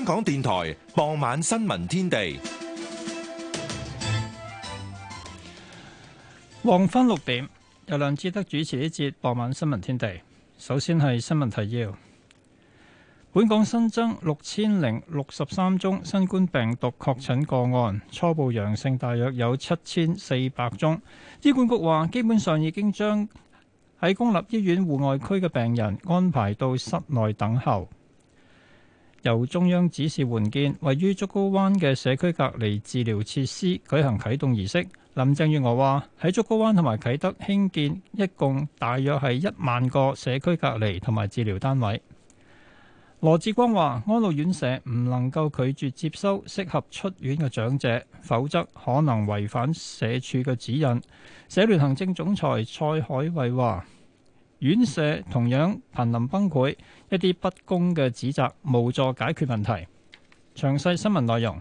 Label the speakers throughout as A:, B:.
A: 香港電台傍晚新
B: 聞天地，黃昏六點，由梁志德主持呢節傍晚新聞天地。首先係新聞提要：本港新增六千零六十三宗新冠病毒確診個案，初步陽性大約有七千四百宗。醫管局話，基本上已經將喺公立醫院戶外區嘅病人安排到室內等候。由中央指示援建位於竹篙灣嘅社區隔離治療設施，舉行啟動儀式。林鄭月娥話，喺竹篙灣同埋啟德興建，一共大約係一萬個社區隔離同埋治療單位。羅志光話，安老院舍唔能夠拒絕接收適合出院嘅長者，否則可能違反社署嘅指引。社聯行政總裁蔡海偉話。院舍同樣瀕臨崩潰，一啲不公嘅指責無助解決問題。詳細新聞內容，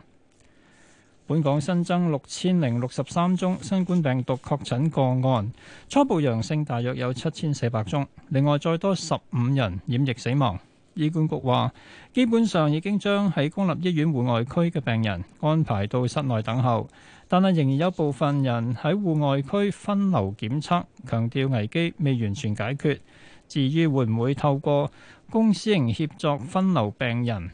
B: 本港新增六千零六十三宗新冠病毒確診個案，初步陽性大約有七千四百宗，另外再多十五人染疫死亡。醫管局話，基本上已經將喺公立醫院戶外區嘅病人安排到室內等候。但係仍然有部分人喺戶外區分流檢測，強調危機未完全解決。至於會唔會透過公私營協作分流病人，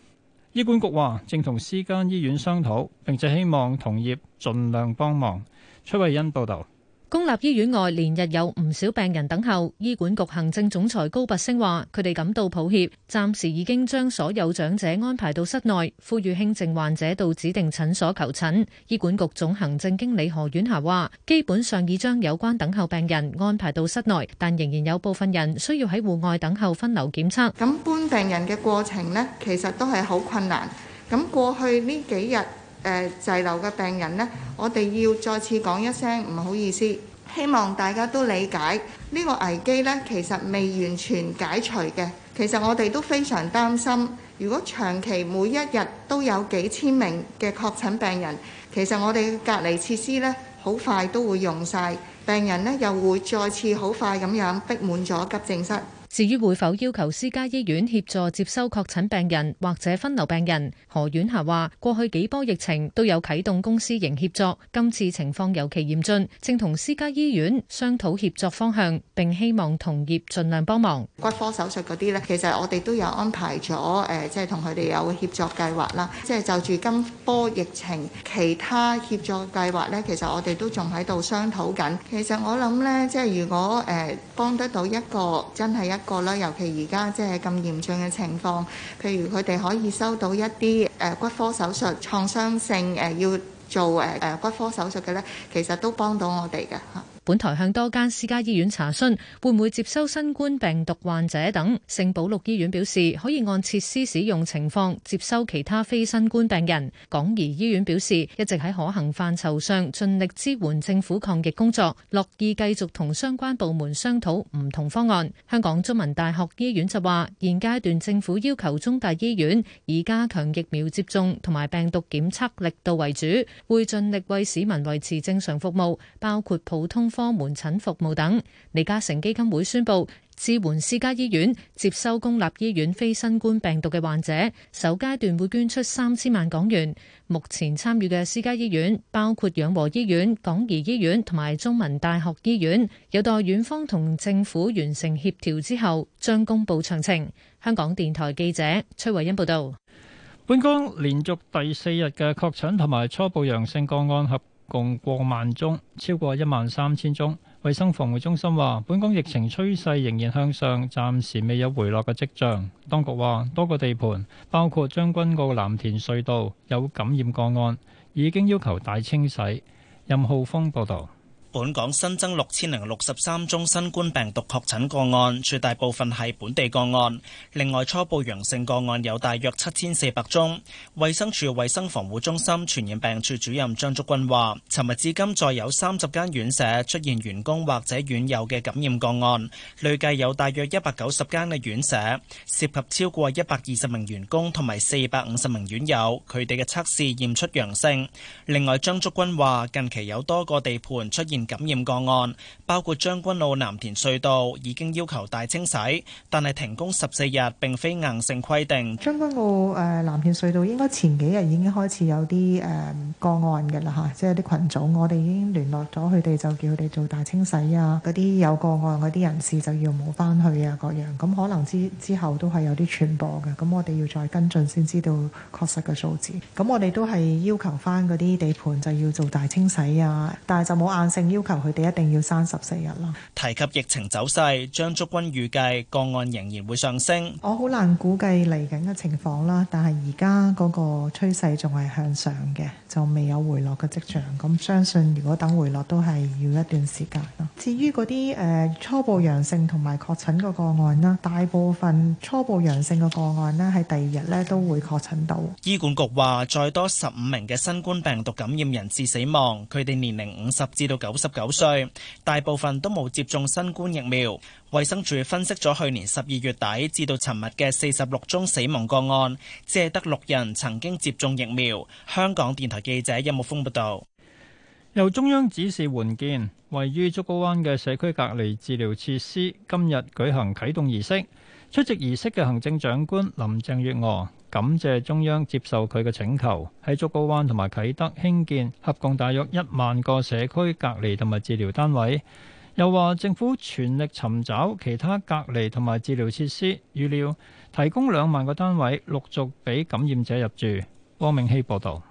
B: 醫管局話正同私家醫院商討，並且希望同業盡量幫忙。崔慧欣報道。
C: 公立醫院外連日有唔少病人等候，醫管局行政總裁高拔升話：佢哋感到抱歉，暫時已經將所有長者安排到室內，呼籲輕症患者到指定診所求診。醫管局總行政經理何婉霞話：基本上已將有關等候病人安排到室內，但仍然有部分人需要喺戶外等候分流檢測。
D: 咁搬病人嘅過程呢，其實都係好困難。咁過去呢幾日。誒、呃、滯留嘅病人呢，我哋要再次講一聲唔好意思，希望大家都理解呢、呢個危機呢，其實未完全解除嘅。其實我哋都非常擔心，如果長期每一日都有幾千名嘅確診病人，其實我哋嘅隔離設施呢，好快都會用晒。病人呢，又會再次好快咁樣逼滿咗急症室。至於會否要求私家
C: 醫院協助接收確診病人或者分流病人？何婉霞話：過去幾波疫情都有啟動公私營協作，今次情況尤其嚴峻，正同私家醫院商討協作方向，並希望同業盡量幫忙。
D: 骨科手術嗰啲呢，其實我哋都有安排咗，誒，即係同佢哋有協作計劃啦。即係就住今波疫情，其他協作計劃呢，其實我哋都仲喺度商討緊。其實我諗呢，即係如果誒幫得到一個真係一個啦，尤其而家即係咁嚴峻嘅情況，譬如佢哋可以收到一啲誒骨科手術創傷性誒要做誒誒骨科手術嘅咧，其實都幫到我哋嘅嚇。
C: 本台向多間私家醫院查詢，會唔會接收新冠病毒患者等，聖保禄醫院表示可以按設施使用情況接收其他非新冠病人。港怡醫院表示一直喺可行範疇上盡力支援政府抗疫工作，樂意繼續同相關部門商討唔同方案。香港中文大學醫院就話現階段政府要求中大醫院以加強疫苗接種同埋病毒檢測力度為主，會盡力為市民維持正常服務，包括普通。科門診服務等，李嘉誠基金會宣布支援私家醫院接收公立醫院非新冠病毒嘅患者，首階段會捐出三千萬港元。目前參與嘅私家醫院包括養和醫院、港怡醫院同埋中文大學醫院，有待院方同政府完成協調之後，將公布詳情。香港電台記者崔慧欣報道。
B: 本港連續第四日嘅確診同埋初步陽性個案合。共過萬宗，超過一萬三千宗。衛生防護中心話，本港疫情趨勢仍然向上，暫時未有回落嘅跡象。當局話，多個地盤，包括將軍澳藍田隧道，有感染個案，已經要求大清洗。任浩峰報導。
E: 本港新增六千零六十三宗新冠病毒確診個案，絕大部分係本地個案。另外初步陽性個案有大約七千四百宗。衛生署衛生防護中心傳染病處主任張竹君話，尋日至今，再有三十間院舍出現員工或者院友嘅感染個案，累計有大約一百九十間嘅院舍，涉及超過一百二十名員工同埋四百五十名院友，佢哋嘅測試驗出陽性。另外張，張竹君話近期有多個地盤出現。感染個案，包括將軍澳藍田隧道已經要求大清洗，但係停工十四日，並非硬性規定。將軍澳誒藍田隧道應該前幾日已經開始有啲誒個案，嘅啦嚇，即係啲群組我哋已經聯絡咗佢哋，就叫佢哋做大清洗啊。嗰啲有個案嗰啲人士就要冇翻去啊，各樣咁可能之之後都係有啲傳播嘅，咁我哋要再跟進先知道確實嘅數字。咁我哋都係要求翻嗰啲地盤就要做大清洗啊，但係就冇硬性。要求佢哋一定要三十四日啦。提及疫情走勢，張竹君預計個案仍然會上升。我好難估計嚟緊嘅情況啦，但係而家嗰個趨勢仲係向上嘅，就未有回落嘅跡象。咁相信如果等回落都係要一段時間咯。至於嗰啲誒初步陽性同埋確診個個案啦，大部分初步陽性嘅個案咧喺第二日咧都會確診到。醫管局話，再多十五名嘅新冠病毒感染人士死亡，佢哋年齡五十至到九十。十九歲，大部分都冇接種新冠疫苗。衛生署分析咗去年十二月底至到尋日嘅四十六宗死亡個案，只得六人曾經接種疫苗。香港
B: 電台記者任木峰報道。由中央指示援建，位於竹篙灣嘅社區隔離治療設施今日舉行啟動儀式。出席儀式嘅行政長官林鄭月娥。感謝中央接受佢嘅請求，喺竹篙灣同埋啟德興建合共大約一萬個社區隔離同埋治療單位，又話政府全力尋找其他隔離同埋治療設施，預料提供兩萬個單位，陸續俾感染者入住。汪明希報導。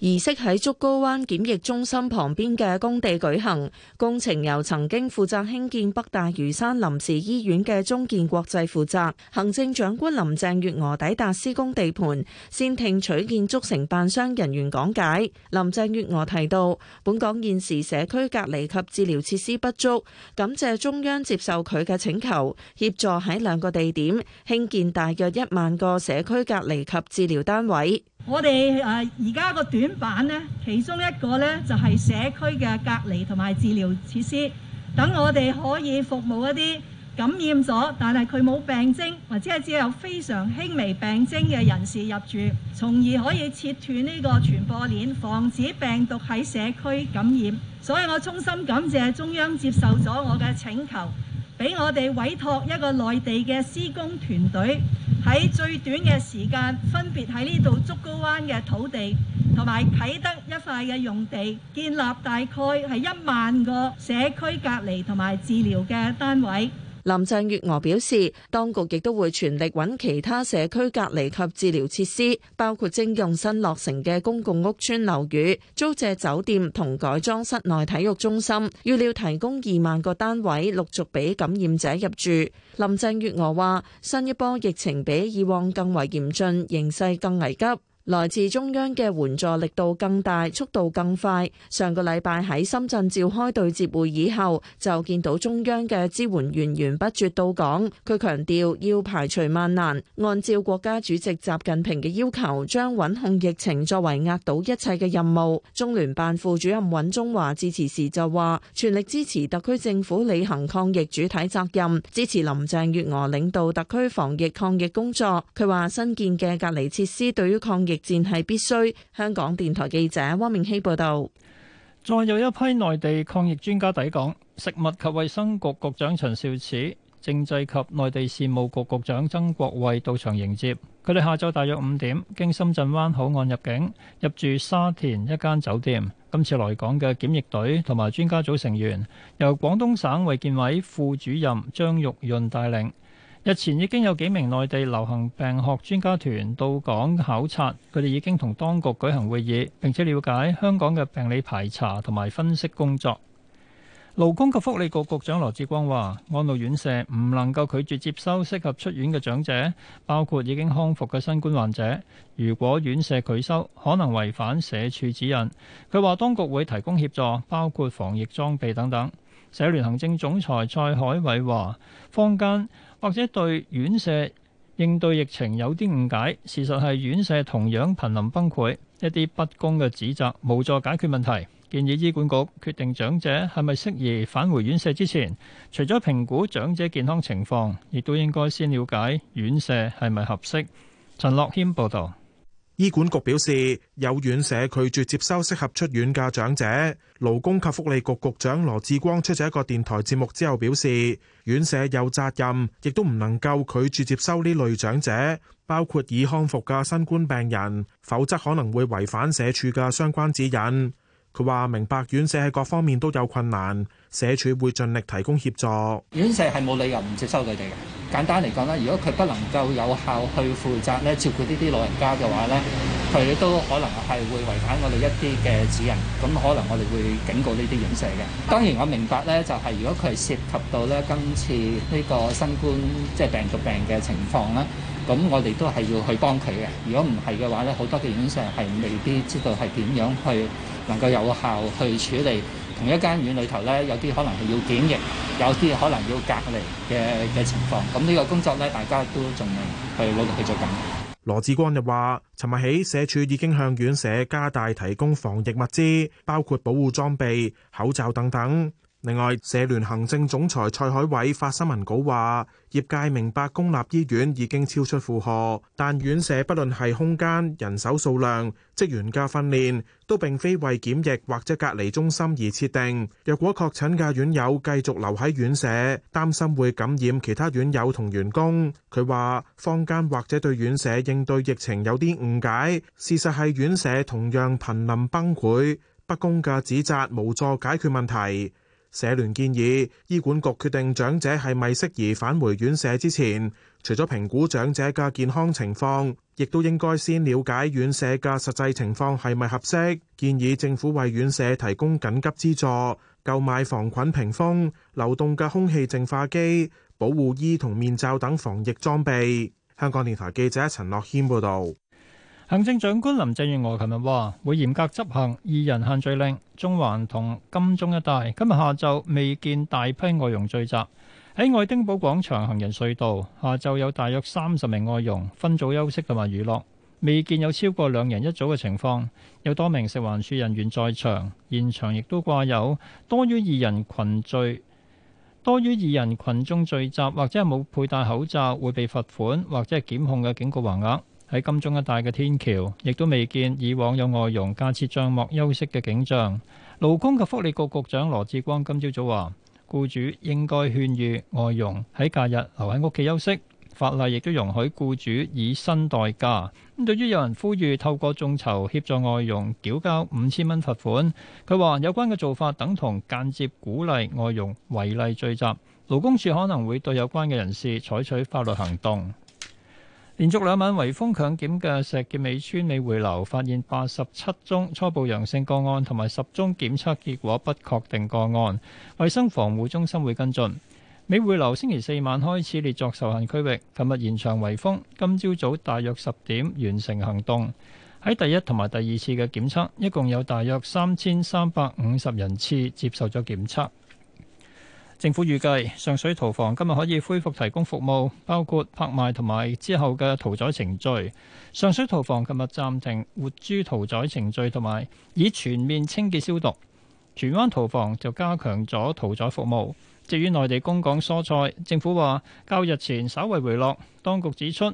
D: 儀式喺竹篙灣檢疫中心旁邊嘅工地舉行，工程由曾經負責興建北大嶼山臨時醫院嘅中建國際負責。行政長官林鄭月娥抵達施工地盤，先聽取建築承辦商人員講解。林鄭月娥提到，本港現時社區隔離及治療設施不足，感謝中央接受佢嘅請求，協助喺兩個地點興建大約一萬個社區隔離及治療單位。我哋而家個短版呢，其中一個呢，就係社區嘅隔離同埋治療設施，等我哋可以服務一啲感染咗但係佢冇病徵或者係只有非常輕微病徵嘅人士入住，從而可以切斷呢個傳播鏈，防止病毒喺社區感染。所以我衷心感謝中央接受咗我嘅請求。俾我哋委託一個內地嘅施工團隊，喺最短嘅時間，分別喺呢度竹篙灣嘅土地同埋啟德一塊嘅用地，建立大概係一萬個社區隔離同埋治療嘅單位。林鄭月娥表示，當局亦都會全力揾其他社區隔離及治療設施，包括徵用新落成嘅公共屋邨樓宇、租借酒店同改裝室內體育中心，預料提供二萬個單位陸續俾感染者入住。林鄭月娥話，新一波疫情比以往更為嚴峻，形勢更危急。來自中央嘅援助力度更大、速度更快。上個禮拜喺深圳召開對接會議後，就見到中央嘅支援源源不絕到港。佢強調要排除萬難，按照國家主席習近平嘅要求，將穩控疫情作為壓倒一切嘅任務。中聯辦副主任尹中華致辭時就話：全力支持特區政府履行抗疫主體責任，支持林鄭月娥領導特區防疫抗疫工作。佢話新建嘅隔離設施對於抗疫戰係必須。香港電台記
B: 者汪明熙報道，再有一批內地抗疫專家抵港，食物及衛生局局長陳肇始、政制及內地事務局局長曾國衛到場迎接。佢哋下晝大約五點經深圳灣口岸入境，入住沙田一間酒店。今次來港嘅檢疫隊同埋專家組成員，由廣東省衛健委副主任張玉潤帶領。日前已經有幾名內地流行病學專家團到港考察，佢哋已經同當局舉行會議，並且了解香港嘅病理排查同埋分析工作。勞工及福利局局長羅志光話，安老院舍唔能夠拒絕接收適合出院嘅長者，包括已經康復嘅新冠患者。如果院舍拒收，可能違反社署指引。佢話，當局會提供協助，包括防疫裝備等等。社聯行政總裁蔡海偉話，坊間或者對院舍應對疫情有啲誤解，事實係院舍同樣瀕臨崩潰。一啲不公嘅指責無助解決問題。建議醫管局決定長者係咪適宜返回院舍之前，除咗評估長者健康情況，亦都應該先了解院舍係咪合適。陳樂謙報導。
A: 醫管局表示，有院舍拒絕接收適合出院嘅長者。勞工及福利局局長羅志光出席一個電台節目之後表示，院舍有責任，亦都唔能夠拒絕接收呢類長者，包括已康復嘅新冠病人，否則可能會違反社署嘅相關指引。佢話明白院舍喺各方面都有困難，社署會盡力提供協助。
B: 院舍係冇理由唔接收佢哋嘅。簡單嚟講啦，如果佢不能夠有效去負責咧照顧呢啲老人家嘅話咧，佢都可能係會違反我哋一啲嘅指引。咁可能我哋會警告呢啲院舍嘅。當然我明白咧，就係如果佢係涉及到咧今次呢個新冠即係病毒病嘅情況咧。咁我哋都係要去幫佢嘅，如果唔係嘅話咧，好多嘅院舍係未必知道係點樣去能夠有效去處理同一間院裏頭咧，有啲可能係要檢疫，有啲可能要隔離嘅嘅情況。咁呢個工作咧，大家都仲未去努力去做緊。羅
A: 致光就話，尋日起，社署已經向院舍加大提供防疫物資，包括保護裝備、口罩等等。另外，社聯行政總裁蔡海偉發新聞稿話，業界明白公立醫院已經超出負荷，但院舍不論係空間、人手數量、職員嘅訓練，都並非為檢疫或者隔離中心而設定。若果確診嘅院友繼續留喺院舍，擔心會感染其他院友同員工。佢話坊間或者對院舍應對疫情有啲誤解，事實係院舍同樣瀕臨崩潰。不公嘅指責無助解決問題。社聯建議醫管局決定長者係咪適宜返回院舍之前，除咗評估長者嘅健康情況，亦都應該先了解院舍嘅實際情況係咪合適。建議政府為院舍提供緊急資助，購買防菌屏風、流動嘅空氣淨化機、保護衣同面罩等防疫裝備。香港
B: 電台記者陳樂謙報道。行政長官林鄭月娥琴日話會嚴格執行二人限聚令。中環同金鐘一帶今日下晝未見大批外傭聚集。喺愛丁堡廣場行人隧道下晝有大約三十名外傭分組休息同埋娛樂，未見有超過兩人一組嘅情況。有多名食環署人員在場，現場亦都掛有多於二人群聚、多於二人群中聚集或者係冇佩戴口罩會被罰款或者係檢控嘅警告橫額。喺金鐘一帶嘅天橋，亦都未見以往有外傭架設帳幕休息嘅景象。勞工及福利局局長羅致光今朝早話，雇主應該勸喻外傭喺假日留喺屋企休息。法例亦都容許雇主以薪代假。咁、嗯、對於有人呼籲透過眾籌協助外傭繳交五千蚊罰款，佢話有關嘅做法等同間接鼓勵外傭違例聚集，勞工處可能會對有關嘅人士採取法律行動。連續兩晚圍封強檢嘅石硖尾村美匯樓，發現八十七宗初步陽性個案，同埋十宗檢測結果不確定個案。衛生防護中心會跟進美匯樓。星期四晚開始列作受限區域，琴日延長圍封，今朝早,早大約十點完成行動。喺第一同埋第二次嘅檢測，一共有大約三千三百五十人次接受咗檢測。政府預計上水屠房今日可以恢復提供服務，包括拍賣同埋之後嘅屠宰程序。上水屠房今日暫停活豬屠宰程序，同埋已全面清潔消毒。荃灣屠房就加強咗屠宰服務。至於內地供港蔬菜，政府話較日前稍為回落。當局指出，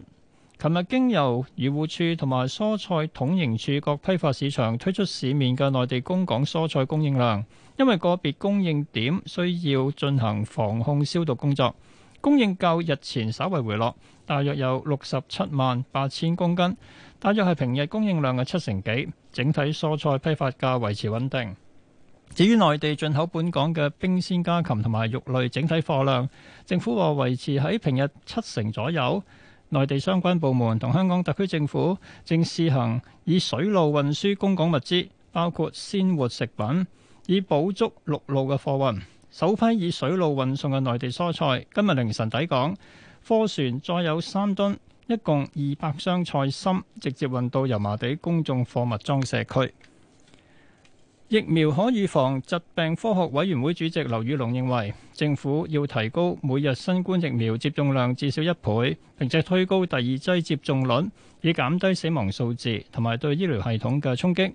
B: 琴日經由漁護處同埋蔬菜統營處各批發市場推出市面嘅內地供港蔬菜供應量，因為個別供應點需要進行防控消毒工作，供應較日前稍為回落，大約有六十七萬八千公斤，大約係平日供應量嘅七成幾。整體蔬菜批發價維持穩定。至於內地進口本港嘅冰鮮家禽同埋肉類整體貨量，政府話維持喺平日七成左右。內地相關部門同香港特區政府正試行以水路運輸供港物資，包括鮮活食品，以補足陸路嘅貨運。首批以水路運送嘅內地蔬菜，今日凌晨抵港，貨船載有三噸，一共二百箱菜心，直接運到油麻地公眾貨物裝卸區。疫苗可預防疾病科學委員會主席劉宇龍認為，政府要提高每日新冠疫苗接種量至少一倍，並且推高第二劑接種率，以減低死亡數字同埋對醫療系統嘅衝擊。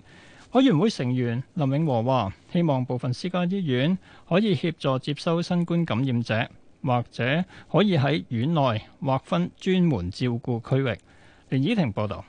B: 委員會成員林永和話：希望部分私家醫院可以協助接收新冠感染者，或者可以喺院內劃分專門照顧區域。連依婷報道。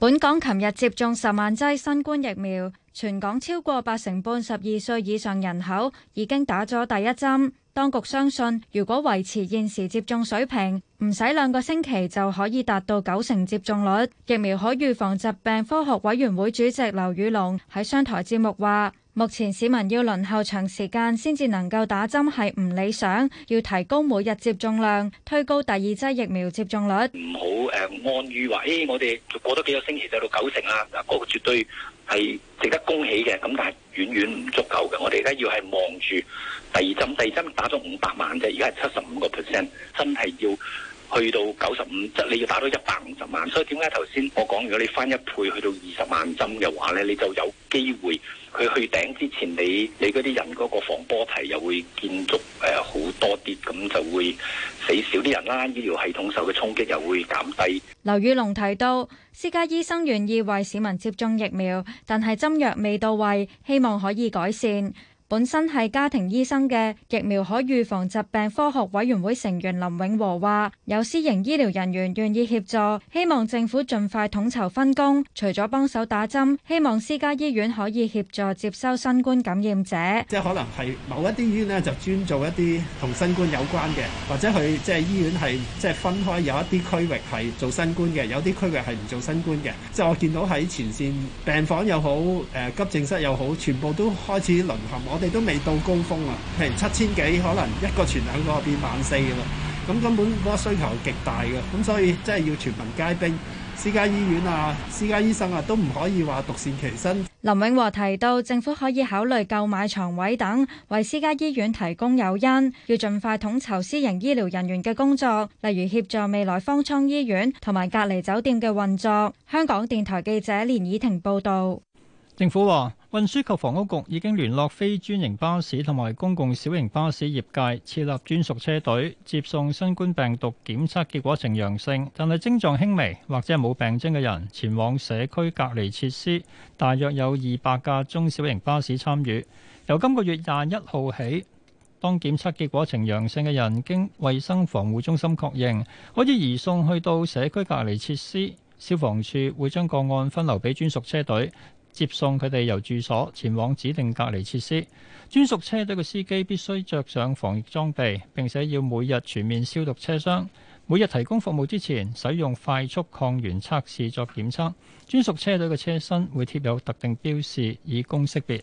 F: 本港琴日接種十萬劑新冠疫苗，全港超過八成半十二歲以上人口已經打咗第一針。當局相信，如果維持現時接種水平，唔使兩個星期就可以達到九成接種率。疫苗可預防疾病科學委員會主席劉宇隆喺商台節目話。目前市民要輪候長時間先至能夠打針係唔理想，要提高每日接種量，推高第二劑疫苗接種率。唔好誒，
E: 按預話，誒我哋過多幾個星期就到九成啦，嗱、那、嗰個絕對係值得恭
B: 喜嘅。咁但係遠遠唔足夠嘅，我哋而家要係望住第二針，第二針打咗五百萬啫，而家係七十五個 percent，真係要。去到九十五，即你要打到一百五十萬，所以點解頭先我講，如果你翻一倍去到二十萬針嘅話咧，你就有機會佢去頂之前，你你嗰啲人嗰個防波堤又會建築誒好多啲，咁就會死少啲人啦。醫療系統受嘅衝擊又會減低。
F: 劉宇龍提到，私家醫生願意為市民接種疫苗，但係針藥未到位，希望可以改善。本身係家庭醫生嘅疫苗可預防疾病科學委員會成員林永和話：有私營醫療人員願意協助，希望政府盡快統籌分工。除咗幫手打針，希望私家醫院可以協助接收新冠感染者。即係可能
B: 係某一啲醫院咧，就專做一啲同新冠有關嘅，或者佢即係醫院係即係分開有一啲區域係做新冠嘅，有啲區域係唔做新冠嘅。即係我見到喺前線病房又好，誒急症室又好，全部都開始淪陷我哋都未到高峰啊，譬如七千幾可能一個全香港變萬四喎，咁根本嗰個需求極大嘅，咁所以真係要全民皆兵，私家醫院啊、私家醫生啊都唔可以話獨善其身。
F: 林永和提到，政府可以考慮購買床位等，為私家醫院提供誘因，要盡快統籌私營醫療人員嘅工作，例如協助未來方艙醫院同埋隔離酒店嘅運作。香港電台記者連倚婷報道。
B: 政府啊。運輸及房屋局已經聯絡非專營巴士同埋公共小型巴士業界設立專屬車隊，接送新冠病毒檢測結果呈陽性但係症狀輕微或者係冇病徵嘅人前往社區隔離設施。大約有二百架中小型巴士參與。由今個月廿一號起，當檢測結果呈陽性嘅人經衛生防護中心確認，可以移送去到社區隔離設施，消防處會將個案分流俾專屬車隊。接送佢哋由住所前往指定隔離設施。專屬車隊嘅司機必須着上防疫裝備，並且要每日全面消毒車廂，每日提供服務之前，使用快速抗原測試作檢測，專屬車隊嘅車身會貼有特定標示以供識別。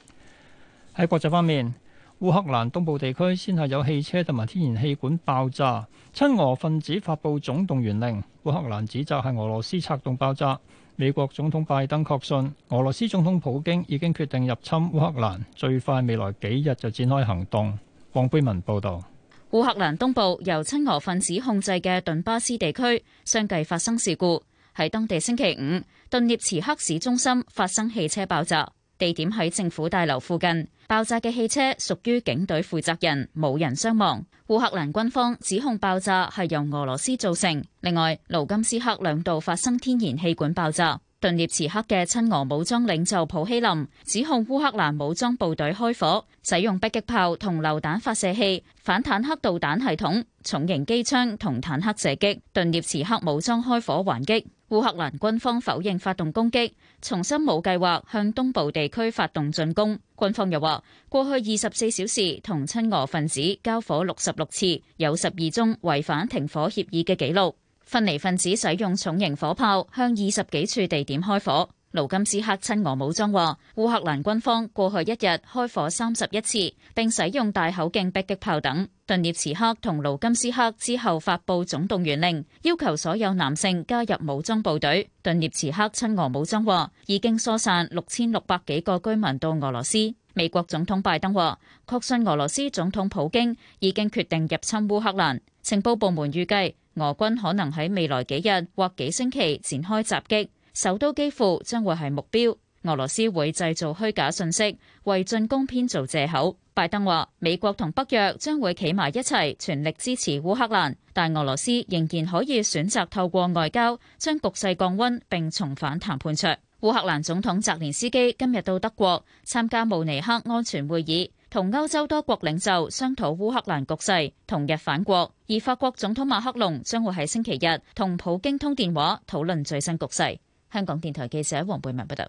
B: 喺國際方面，烏克蘭東部地區先後有汽車同埋天然氣管爆炸，親俄分子發佈總動員令，烏克蘭指責係俄羅斯策動爆炸。美國總統拜登確信，俄羅斯總統普京已經決定入侵烏克蘭，最快未來幾日就展開行動。黃佩文報道：
G: 烏克蘭東部由親俄分子控制嘅頓巴斯地區相繼發生事故。喺當地星期五，頓涅茨克市中心發生汽車爆炸。地點喺政府大樓附近，爆炸嘅汽車屬於警隊負責人，冇人傷亡。烏克蘭軍方指控爆炸係由俄羅斯造成。另外，盧甘斯克兩度發生天然氣管爆炸。頓涅茨克嘅親俄武裝領袖普希林指控烏克蘭武裝部隊開火，使用迫擊炮，同榴彈發射器、反坦克導彈系統、重型機槍同坦克射擊。頓涅茨克武裝開火還擊，烏克蘭軍方否認發動攻擊。重新冇計劃向東部地區發動進攻。軍方又話，過去二十四小時同親俄分子交火六十六次，有十二宗違反停火協議嘅記錄。分離分子使用重型火炮向二十幾處地點開火。盧金斯克親俄武裝話，烏克蘭軍方過去一日開火三十一次，並使用大口徑迫擊炮等。頓涅茨克同盧金斯克之後發布總動員令，要求所有男性加入武裝部隊。頓涅茨克親俄武裝話，已經疏散六千六百幾個居民到俄羅斯。美國總統拜登話，確信俄羅斯總統普京已經決定入侵烏克蘭。情報部門預計，俄軍可能喺未來幾日或幾星期展開襲擊。首都基輔將會係目標，俄羅斯會製造虛假信息，為進攻編造藉口。拜登話：美國同北約將會企埋一齊，全力支持烏克蘭，但俄羅斯仍然可以選擇透過外交將局勢降溫並重返談判桌。烏克蘭總統澤連斯基今日到德國參加慕尼黑安全會議，同歐洲多國領袖商討烏克蘭局勢。同日返國，而法國總統馬克龍將會喺星期日同普京通電話，討論最新局勢。香港電台記者王貝文報道。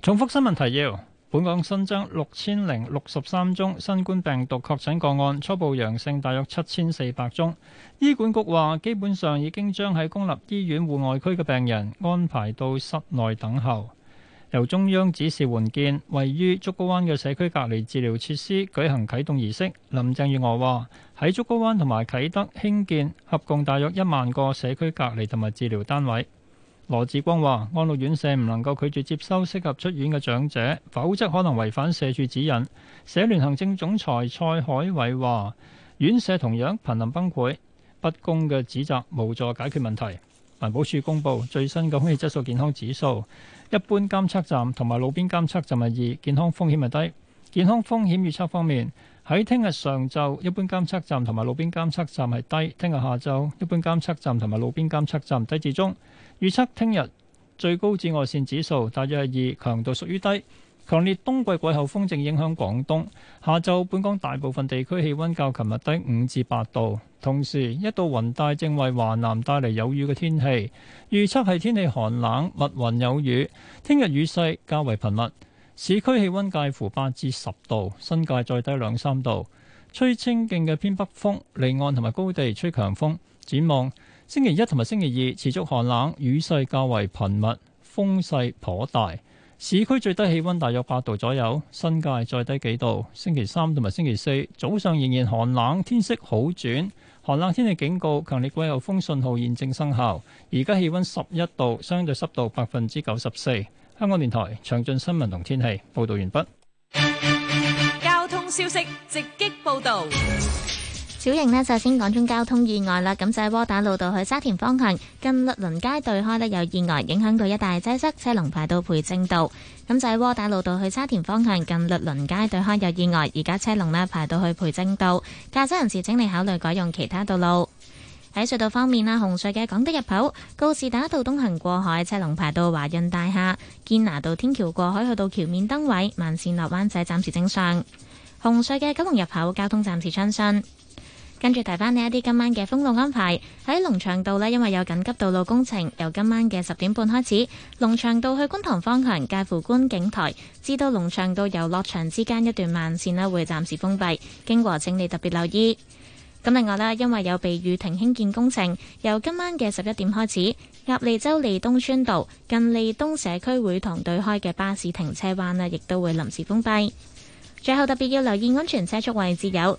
B: 重複新聞提要：本港新增六千零六十三宗新冠病毒確診個案，初步陽性大約七千四百宗。醫管局話，基本上已經將喺公立醫院戶外區嘅病人安排到室內等候。由中央指示援建位於竹篙灣嘅社區隔離治療設施，舉行啟動儀式。林鄭月娥話，喺竹篙灣同埋啟德興建合共大約一萬個社區隔離同埋治療單位。羅志光話：安老院舍唔能夠拒絕接收適合出院嘅長者，否則可能違反社署指引。社聯行政總裁蔡海偉話：院舍同樣瀕臨崩潰，不公嘅指責無助解決問題。環保署公布最新嘅空氣質素健康指數，一般監測站同埋路邊監測站係二，健康風險係低。健康風險預測方面，喺聽日上晝一般監測站同埋路邊監測站係低，聽日下晝一般監測站同埋路邊監測站低至中。預測聽日最高紫外線指數大約係二，強度屬於低。強烈冬季季候風正影響廣東，下晝本港大部分地區氣温較琴日低五至八度。同時，一道雲帶正為華南帶嚟有雨嘅天氣，預測係天氣寒冷、密雲有雨。聽日雨勢較為頻密，市區氣温介乎八至十度，新界再低兩三度。吹清勁嘅偏北風，離岸同埋高地吹強風。展望。星期一同埋星期二持續寒冷，雨勢較為頻密，風勢頗大。市區最低氣温大約八度左右，新界再低幾度。星期三同埋星期四早上仍然寒冷，天色好轉。寒冷天氣警告、強烈季候風信號現正生效。而家氣温十一度，相對濕度百分之九十四。香港電台詳盡新聞同天氣報導完畢。
C: 交通消息直擊報導。
H: 小型呢，就先講通交通意外啦。咁就喺窩打老道去沙田方向，近律倫街對開呢，有意外，影響到一大擠塞，車龍排到培正道。咁就喺窩打老道去沙田方向，近律倫街對開有意外，而家車龍呢，排到去培正道。駕駛人士，請你考慮改用其他道路。喺隧道方面啦，紅隧嘅港的入口告士打道東行過海，車龍排到華潤大廈堅拿道天橋過海去到橋面燈位慢綫落灣仔，暫時正常。紅隧嘅九龍入口交通暫時暢順。跟住提翻呢一啲今晚嘅封路安排，喺龍翔道呢，因為有緊急道路工程，由今晚嘅十點半開始，龍翔道去觀塘方向介乎觀景台至到龍翔道遊樂場之間一段慢綫啦，會暫時封閉，經過請你特別留意。咁另外咧，因為有避雨亭興建工程，由今晚嘅十一點開始，鴨脷洲利東村道近利東社區會堂對開嘅巴士停車灣呢，亦都會臨時封閉。最後特別要留意安全車速位置有。，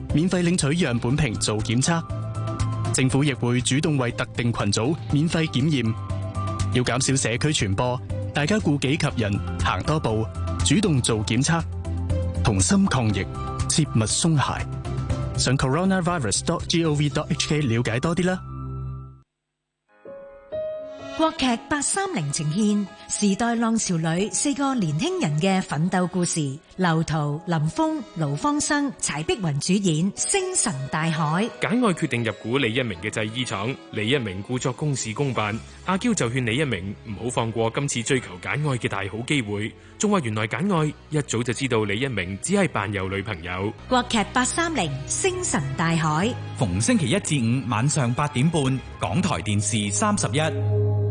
A: 免費領取樣本瓶做檢測。政府亦會主動為特定群組免費檢驗。要減少社區傳播，大家顧己及人，行多步，主動做檢測，同心抗疫，切勿鬆懈。上 coronavirus.gov.hk 了解多啲啦。
F: 國劇八三零呈
C: 現時代浪潮裏四個年輕人嘅奮鬥故事，劉濤、林峰、盧芳生、柴碧雲主演《星辰大海》。
A: 簡愛決定入股李一鳴嘅製衣廠，李一鳴故作公事公辦，阿嬌就勸李一鳴唔好放過今次追求簡愛嘅大好機會，仲話原來簡愛一早就知道李一鳴只係扮有女朋友。
F: 國劇八三零《星辰大海》，
A: 逢星期一至五晚上八點半，港台電視三十一。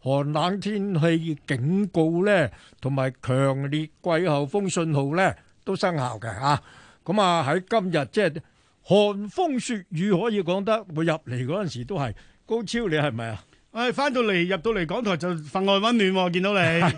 B: 寒冷天氣警告咧，同埋強烈季候風信號咧，都生效嘅嚇。咁啊喺今日即係寒風雪雨，可以講得我入嚟嗰陣時都係高超，你係咪啊？誒，翻到嚟入到嚟港台就份外溫暖喎，見到你。